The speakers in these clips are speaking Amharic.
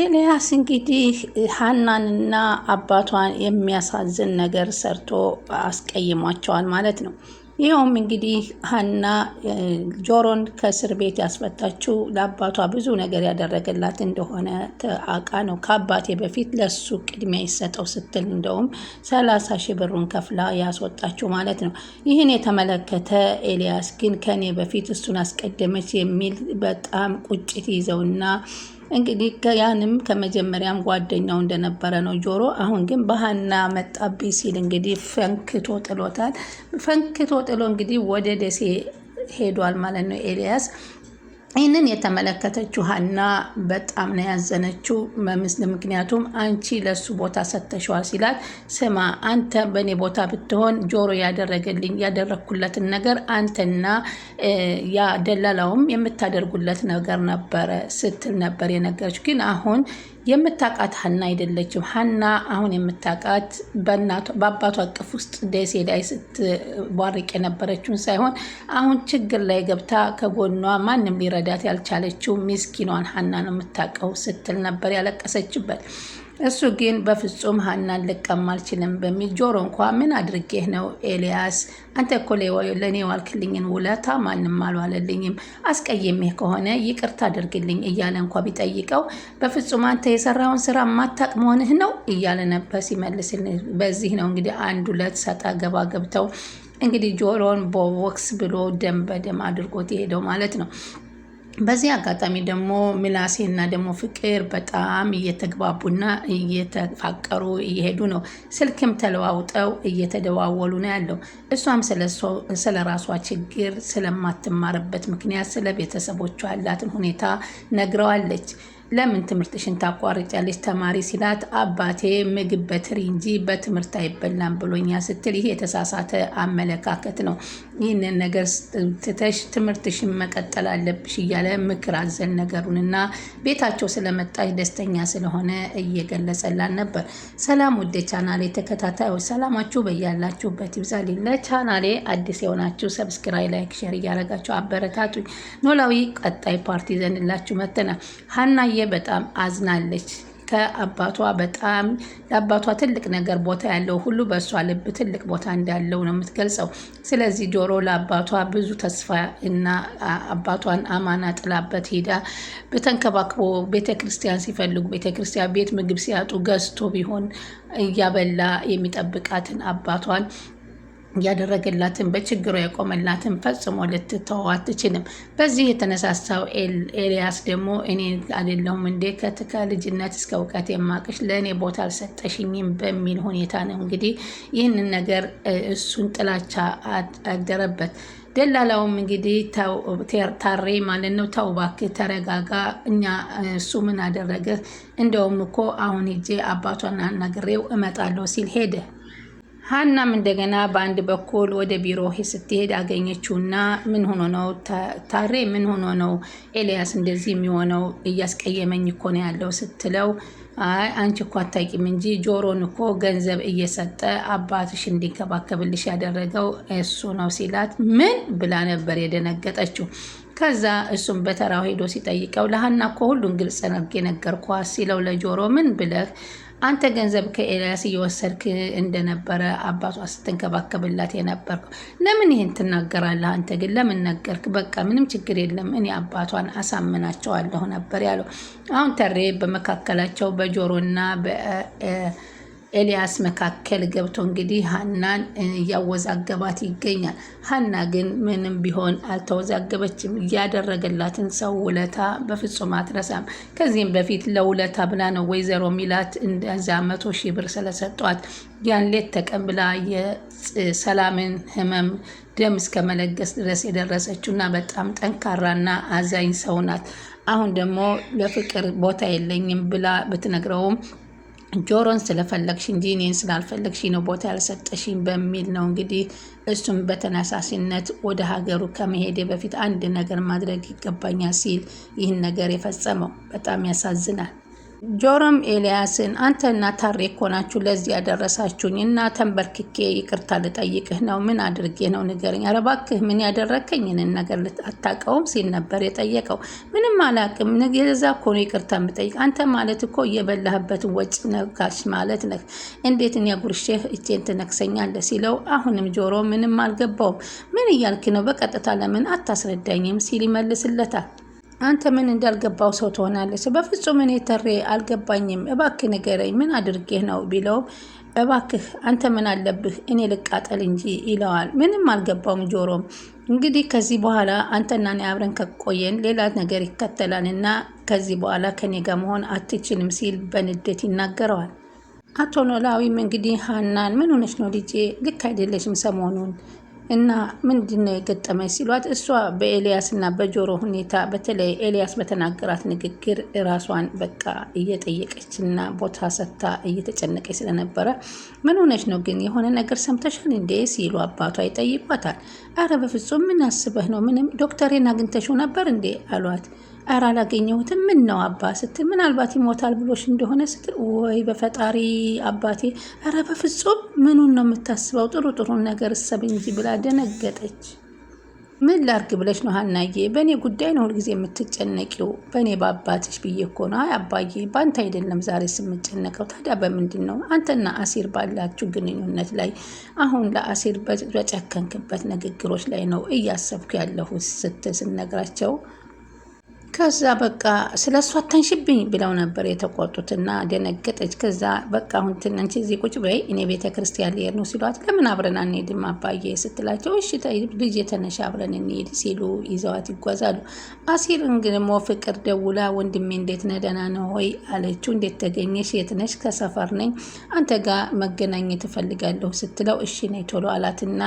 ኤልያስ እንግዲህ ሀናንና አባቷን የሚያሳዝን ነገር ሰርቶ አስቀይሟቸዋል ማለት ነው። ይኸውም እንግዲህ ሀና ጆሮን ከእስር ቤት ያስፈታችው ለአባቷ ብዙ ነገር ያደረገላት እንደሆነ አውቃ ነው። ከአባቴ በፊት ለሱ ቅድሚያ ይሰጠው ስትል እንደውም ሰላሳ ሺህ ብሩን ከፍላ ያስወጣችው ማለት ነው። ይህን የተመለከተ ኤልያስ ግን ከኔ በፊት እሱን አስቀደመች የሚል በጣም ቁጭት ይዘውና እንግዲህ ያንም ከመጀመሪያም ጓደኛው እንደነበረ ነው ጆሮ። አሁን ግን በሀና መጣብኝ ሲል እንግዲህ ፈንክቶ ጥሎታል። ፈንክቶ ጥሎ እንግዲህ ወደ ደሴ ሄዷል ማለት ነው ኤልያስ። ይህንን የተመለከተችው ሀና በጣም ነው ያዘነችው። ምክንያቱም አንቺ ለሱ ቦታ ሰተሸዋል ሲላት፣ ስማ አንተ በእኔ ቦታ ብትሆን ጆሮ ያደረገልኝ ያደረግኩለትን ነገር አንተና ያ የምታደርጉለት ነገር ነበረ ስትል ነበር የነገረች ግን አሁን የምታውቃት ሀና አይደለችም። ሀና አሁን የምታውቃት በአባቷ እቅፍ ውስጥ ደሴ ላይ ስትቧርቅ የነበረችውን ሳይሆን አሁን ችግር ላይ ገብታ ከጎኗ ማንም ሊረ ልትረዳት ያልቻለችው ሚስኪኗን ሀና ነው የምታውቀው ስትል ነበር ያለቀሰችበት። እሱ ግን በፍጹም ሀናን ልቀም አልችልም በሚል ጆሮ እንኳ ምን አድርጌህ ነው ኤልያስ? አንተ እኮ ለእኔ ዋልክልኝን ውለታ ማንም አልዋለልኝም፣ አስቀየሜህ ከሆነ ይቅርታ አድርግልኝ እያለ እንኳ ቢጠይቀው በፍጹም አንተ የሰራውን ስራ ማታቅ መሆንህ ነው እያለ ነበር ሲመልስ። በዚህ ነው እንግዲህ አንድ ሁለት ሰጣ ገባ ገብተው እንግዲህ ጆሮን ቦክስ ብሎ ደም በደም አድርጎት የሄደው ማለት ነው። በዚህ አጋጣሚ ደግሞ ምላሴ እና ደግሞ ፍቅር በጣም እየተግባቡና እየተፋቀሩ እየሄዱ ነው። ስልክም ተለዋውጠው እየተደዋወሉ ነው ያለው። እሷም ስለ ራሷ ችግር ስለማትማርበት ምክንያት ስለ ቤተሰቦቿ ያላትን ሁኔታ ነግረዋለች። ለምን ትምህርትሽን ታቋርጫለች ተማሪ ሲላት አባቴ ምግብ በትሪ እንጂ በትምህርት አይበላም ብሎኛ ስትል ይሄ የተሳሳተ አመለካከት ነው። ይህንን ነገር ትተሽ ትምህርትሽን መቀጠል አለብሽ እያለ ምክር አዘል ነገሩን እና ቤታቸው ስለመጣች ደስተኛ ስለሆነ እየገለጸላን ነበር። ሰላም ወደ ቻናሌ ተከታታዮች ሰላማችሁ በያላችሁበት ይብዛል። ለቻናሌ አዲስ የሆናችሁ ሰብስክራይ፣ ላይክ፣ ሼር እያረጋችሁ አበረታቱኝ። ኖላዊ ቀጣይ ፓርቲ ዘንላችሁ መተና ሀና ሩታዬ በጣም አዝናለች። ከአባቷ በጣም ለአባቷ ትልቅ ነገር ቦታ ያለው ሁሉ በእሷ ልብ ትልቅ ቦታ እንዳለው ነው የምትገልጸው። ስለዚህ ጆሮ ለአባቷ ብዙ ተስፋ እና አባቷን አማና ጥላበት ሄዳ በተንከባክቦ ቤተክርስቲያን ሲፈልጉ ክርስቲያን ቤት ምግብ ሲያጡ ገዝቶ ቢሆን እያበላ የሚጠብቃትን አባቷን ያደረገላትን በችግሯ የቆመላትን ፈጽሞ ልትተወው አትችልም። በዚህ የተነሳሳው ኤልያስ ደግሞ እኔ አይደለሁም እንዴ ልጅነት እስከ እውቀት የማቅሽ ለእኔ ቦታ አልሰጠሽኝም በሚል ሁኔታ ነው እንግዲህ ይህንን ነገር እሱን ጥላቻ አደረበት። ደላላውም እንግዲህ ታሬ ማለት ነው ተው እባክህ ተረጋጋ፣ እኛ እሱ ምን አደረገ? እንደውም እኮ አሁን ሄጄ አባቷን አናግሬው እመጣለሁ ሲል ሄደ። ሀናም እንደገና በአንድ በኩል ወደ ቢሮ ስትሄድ አገኘችውና ምን ሆኖ ነው ታሬ፣ ምን ሆኖ ነው ኤልያስ እንደዚህ የሚሆነው? እያስቀየመኝ እኮ ነው ያለው ስትለው አይ አንቺ እኮ አታውቂም እንጂ ጆሮን እኮ ገንዘብ እየሰጠ አባትሽ እንዲንከባከብልሽ ያደረገው እሱ ነው ሲላት ምን ብላ ነበር የደነገጠችው። ከዛ እሱም በተራው ሄዶ ሲጠይቀው ለሀና እኮ ሁሉን ግልጽ ነግ ሲለው ለጆሮ ምን ብለህ አንተ ገንዘብ ከኤልያስ እየወሰድክ እንደነበረ አባቷ ስትንከባከብላት የነበርኩ ለምን ይህን ትናገራለህ? አንተ ግን ለምን ነገርክ? በቃ ምንም ችግር የለም እኔ አባቷን አሳምናቸዋለሁ ነበር ያለው። አሁን ተሬ በመካከላቸው በጆሮና ኤልያስ መካከል ገብቶ እንግዲህ ሀናን እያወዛገባት ይገኛል። ሀና ግን ምንም ቢሆን አልተወዛገበችም። እያደረገላትን ሰው ውለታ በፍጹም አትረሳም። ከዚህም በፊት ለውለታ ብላ ነው ወይዘሮ ሚላት እንደዛ መቶ ሺህ ብር ስለሰጧት ያን ሌት ተቀን ብላ የሰላምን ህመም ደም እስከ መለገስ ድረስ የደረሰችው እና በጣም ጠንካራና አዛኝ ሰው ናት። አሁን ደግሞ ለፍቅር ቦታ የለኝም ብላ ብትነግረውም ጆሮን ስለፈለግሽ እንጂ እኔን ስላልፈለግሽ ነው ቦታ ያልሰጠሽኝ በሚል ነው እንግዲህ እሱም በተነሳሽነት ወደ ሀገሩ ከመሄዴ በፊት አንድ ነገር ማድረግ ይገባኛል ሲል ይህን ነገር የፈጸመው በጣም ያሳዝናል። ጆሮም ኤልያስን አንተ ታሬ እኮ ናችሁ ለዚህ ያደረሳችሁኝ እና ተንበርክኬ ይቅርታ ልጠይቅህ ነው። ምን አድርጌ ነው ንገረኝ። ኧረ እባክህ ምን ያደረግከኝ? ነገር አታውቀውም ሲል ነበር የጠየቀው። ምንም አላውቅም፣ የዛ እኮ ነው ይቅርታ የምጠይቅ። አንተ ማለት እኮ እየበላህበት ወጭ ነጋሽ ማለት ነህ። እንዴት እኔ ጉርሼህ እጄን ትነክሰኛለህ? ሲለው አሁንም ጆሮ ምንም አልገባውም። ምን እያልክ ነው? በቀጥታ ለምን አታስረዳኝም? ሲል ይመልስለታል። አንተ ምን እንዳልገባው ሰው ትሆናለች። በፍጹም እኔ ተሬ አልገባኝም፣ እባክህ ንገረኝ፣ ምን አድርጌህ ነው ቢለውም እባክህ አንተ ምን አለብህ እኔ ልቃጠል እንጂ ይለዋል። ምንም አልገባውም ጆሮም እንግዲህ ከዚህ በኋላ አንተና እኔ አብረን ከቆየን ሌላ ነገር ይከተላል ከዚህ በኋላ ከኔ ጋር መሆን አትችልም ሲል በንዴት ይናገረዋል። አቶ ኖላዊም እንግዲህ ሀናን ምን ሆነች ነው ልጄ? ልክ አይደለሽም ሰሞኑን እና ምንድን ነው ሲሏት እሷ በኤልያስ እና በጆሮ ሁኔታ በተለይ ኤልያስ በተናገራት ንግግር ራሷን በቃ እየጠየቀች እና ቦታ ሰታ እየተጨነቀች ስለነበረ ምን ሆነች ነው ግን የሆነ ነገር ሰምተሻል እንዴ ሲሉ አባቷ ይጠይቋታል። አረ በፍጹም ምን አስበህ ነው ምንም ዶክተሬን አግኝተሽው ነበር እንዴ አሏት። እረ አላገኘሁትም። ምን ነው አባ ስትል ምናልባት ይሞታል ብሎሽ እንደሆነ ስትል ወይ በፈጣሪ አባቴ፣ እረ በፍጹም ምኑን ነው የምታስበው? ጥሩ ጥሩ ነገር እሰብ እንጂ ብላ ደነገጠች። ምን ላርግ ብለሽ ነው ሀናዬ? በእኔ ጉዳይ ነው ሁልጊዜ የምትጨነቂው። በእኔ በአባትሽ ብዬ እኮ ነው። አይ አባዬ፣ በአንተ አይደለም ዛሬ ስምጨነቀው። ታዲያ በምንድን ነው? አንተና አሲር ባላችሁ ግንኙነት ላይ አሁን ለአሲር በጨከንክበት ንግግሮች ላይ ነው እያሰብኩ ያለሁት ስትል ስነግራቸው ከዛ በቃ ስለ እሷ አታንሽብኝ ብለው ነበር የተቆጡትና ደነገጠች። ከዛ በቃ አሁን ትናንቺ እዚህ ቁጭ በይ እኔ ቤተ ክርስቲያን ልሄድ ነው ሲሏት ለምን አብረን አንሄድም አባዬ ስትላቸው እሺ ልጅ የተነሻ አብረን እንሄድ ሲሉ ይዘዋት ይጓዛሉ። አሲር ደግሞ ፍቅር ደውላ ወንድሜ እንዴት ነህ ደህና ነው ሆይ አለችው። እንዴት ተገኘሽ? የት ነሽ? ከሰፈር ነኝ አንተ ጋር መገናኘት እፈልጋለሁ ስትለው እሺ ነይ ቶሎ አላትና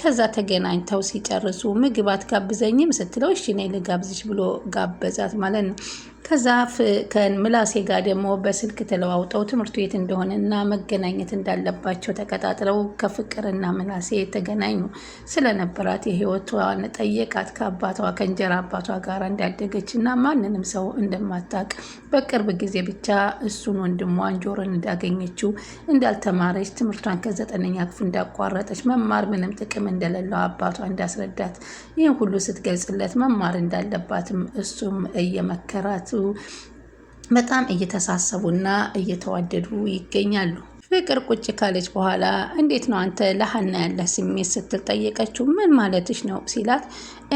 ከዛ ተገናኝተው ሲጨርሱ ምግብ አትጋብዘኝም ስትለው እሺ ነይ ልጋብዝሽ ብሎ ጋብ ጋበዛት ማለት ነው። ከዛ ከምላሴ ጋር ደግሞ በስልክ ተለዋውጠው ትምህርት ቤት እንደሆነ እና መገናኘት እንዳለባቸው ተቀጣጥለው ከፍቅርና ምላሴ ተገናኙ። ስለነበራት የህይወቷን ጠየቃት። ከአባቷ ከእንጀራ አባቷ ጋር እንዳደገች እና ማንንም ሰው እንደማታቅ በቅርብ ጊዜ ብቻ እሱን ወንድሟን ጆሮን እንዳገኘችው እንዳልተማረች፣ ትምህርቷን ከዘጠነኛ ክፍል እንዳቋረጠች፣ መማር ምንም ጥቅም እንደሌለው አባቷ እንዳስረዳት፣ ይህን ሁሉ ስትገልጽለት መማር እንዳለባትም እሱም እየመከራት በጣም እየተሳሰቡና እየተዋደዱ ይገኛሉ። ፍቅር ቁጭ ካለች በኋላ እንዴት ነው አንተ ለሀና ያለ ስሜት ስትል ጠየቀችው። ምን ማለትሽ ነው ሲላት፣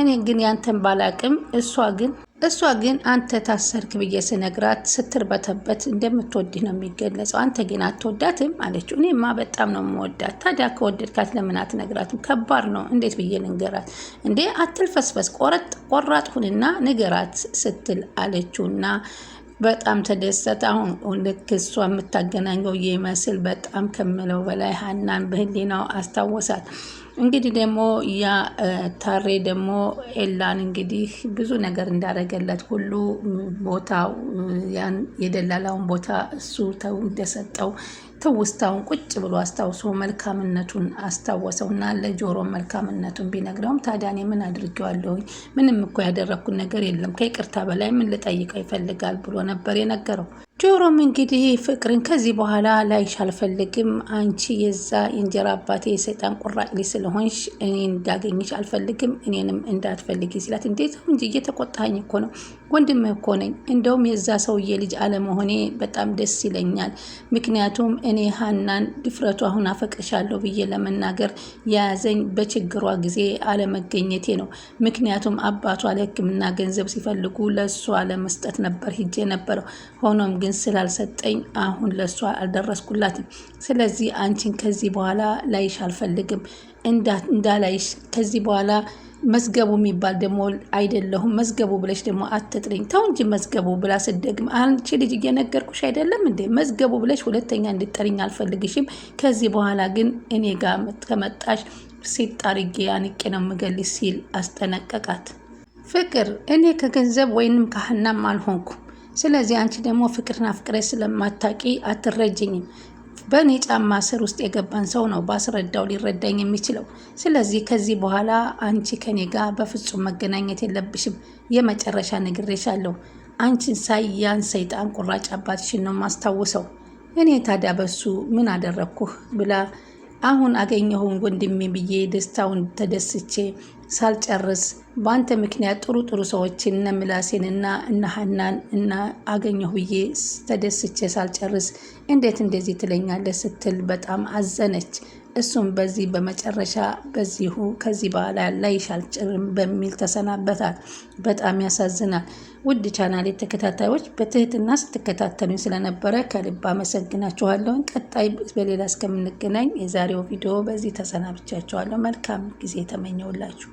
እኔ ግን ያንተን ባላቅም እሷ ግን እሷ ግን አንተ ታሰርክ ብዬ ስነግራት ስትርበተበት እንደምትወድህ ነው የሚገለጸው። አንተ ግን አትወዳትም አለችው። እኔማ በጣም ነው የምወዳት። ታዲያ ከወደድካት ለምን አትነግራትም? ከባድ ነው፣ እንዴት ብዬ ልንገራት? እንዴ አትልፈስፈስ፣ ቆረጥ ቆራጥ ሁንና ንገራት ስትል አለችውና በጣም ተደሰተ። አሁን ልክ እሷ የምታገናኘው ይመስል በጣም ከምለው በላይ ሀናን በህሊናው አስታወሳት። እንግዲህ ደግሞ ያ ታሬ ደግሞ ኤላን እንግዲህ ብዙ ነገር እንዳደረገለት ሁሉ ቦታ ያን የደላላውን ቦታ እሱ ተው እንደሰጠው ትውስታውን ቁጭ ብሎ አስታውሶ መልካምነቱን አስታወሰው እና ለጆሮ መልካምነቱን ቢነግረውም ታዲያ እኔ ምን አድርጌዋለሁኝ? ምንም እኮ ያደረግኩት ነገር የለም ከይቅርታ በላይ ምን ልጠይቀው ይፈልጋል ብሎ ነበር የነገረው። ጆሮም እንግዲህ ፍቅርን ከዚህ በኋላ ላይሽ አልፈልግም፣ አንቺ የዛ እንጀራ አባቴ የሰይጣን ቁራጭ ልጅ ስለሆንሽ እኔ እንዳገኝሽ አልፈልግም፣ እኔንም እንዳትፈልጊ ሲላት፣ እንዴት እንጂ እየተቆጣኝ እኮ ነው ወንድም እኮ ነኝ። እንደውም የዛ ሰውዬ ልጅ አለመሆኔ በጣም ደስ ይለኛል። ምክንያቱም እኔ ሀናን ድፍረቱ አሁን አፈቅሻለሁ ብዬ ለመናገር የያዘኝ በችግሯ ጊዜ አለመገኘቴ ነው። ምክንያቱም አባቷ ለሕክምና ገንዘብ ሲፈልጉ ለእሷ ለመስጠት ነበር ሂጄ ነበረው ሆኖም ግን ስላልሰጠኝ አሁን ለእሷ አልደረስኩላትም። ስለዚህ አንቺን ከዚህ በኋላ ላይሽ አልፈልግም። እንዳላይሽ ከዚህ በኋላ መዝገቡ የሚባል ደግሞ አይደለሁም። መዝገቡ ብለሽ ደግሞ አትጥሪኝ። ተው እንጂ መዝገቡ ብላ ስደግም አንቺ ልጅ እየነገርኩሽ አይደለም እንዴ? መዝገቡ ብለሽ ሁለተኛ እንድጠሪኝ አልፈልግሽም። ከዚህ በኋላ ግን እኔ ጋር ከመጣሽ ሲጣርጌ አንቄ ነው ምገልሽ ሲል አስጠነቀቃት። ፍቅር እኔ ከገንዘብ ወይንም ካህናም አልሆንኩ ስለዚህ አንቺ ደግሞ ፍቅርና ፍቅሬ ስለማታቂ አትረጅኝም። በእኔ ጫማ ስር ውስጥ የገባን ሰው ነው ባስረዳው ሊረዳኝ የሚችለው። ስለዚህ ከዚህ በኋላ አንቺ ከኔ ጋር በፍጹም መገናኘት የለብሽም። የመጨረሻ ነግሬሻለሁ። አንቺን ሳይ ያን ሰይጣን ቁራጭ አባትሽን ነው ማስታውሰው። እኔ ታዲያ በሱ ምን አደረግኩህ ብላ አሁን አገኘሁን ወንድሜ ብዬ ደስታውን ተደስቼ ሳልጨርስ በአንተ ምክንያት ጥሩ ጥሩ ሰዎችን እነ ምላሴንና እነ ሀናን እና አገኘሁ ብዬ ተደስቼ ሳልጨርስ እንዴት እንደዚህ ትለኛለህ ስትል በጣም አዘነች። እሱም በዚህ በመጨረሻ በዚሁ ከዚህ በኋላ ላይሽ አልጭርም በሚል ተሰናበታል። በጣም ያሳዝናል። ውድ ቻናል ተከታታዮች በትህትና ስትከታተሉኝ ስለነበረ ከልብ አመሰግናችኋለሁ። ቀጣይ በሌላ እስከምንገናኝ የዛሬው ቪዲዮ በዚህ ተሰናብቻችኋለሁ። መልካም ጊዜ ተመኘውላችሁ።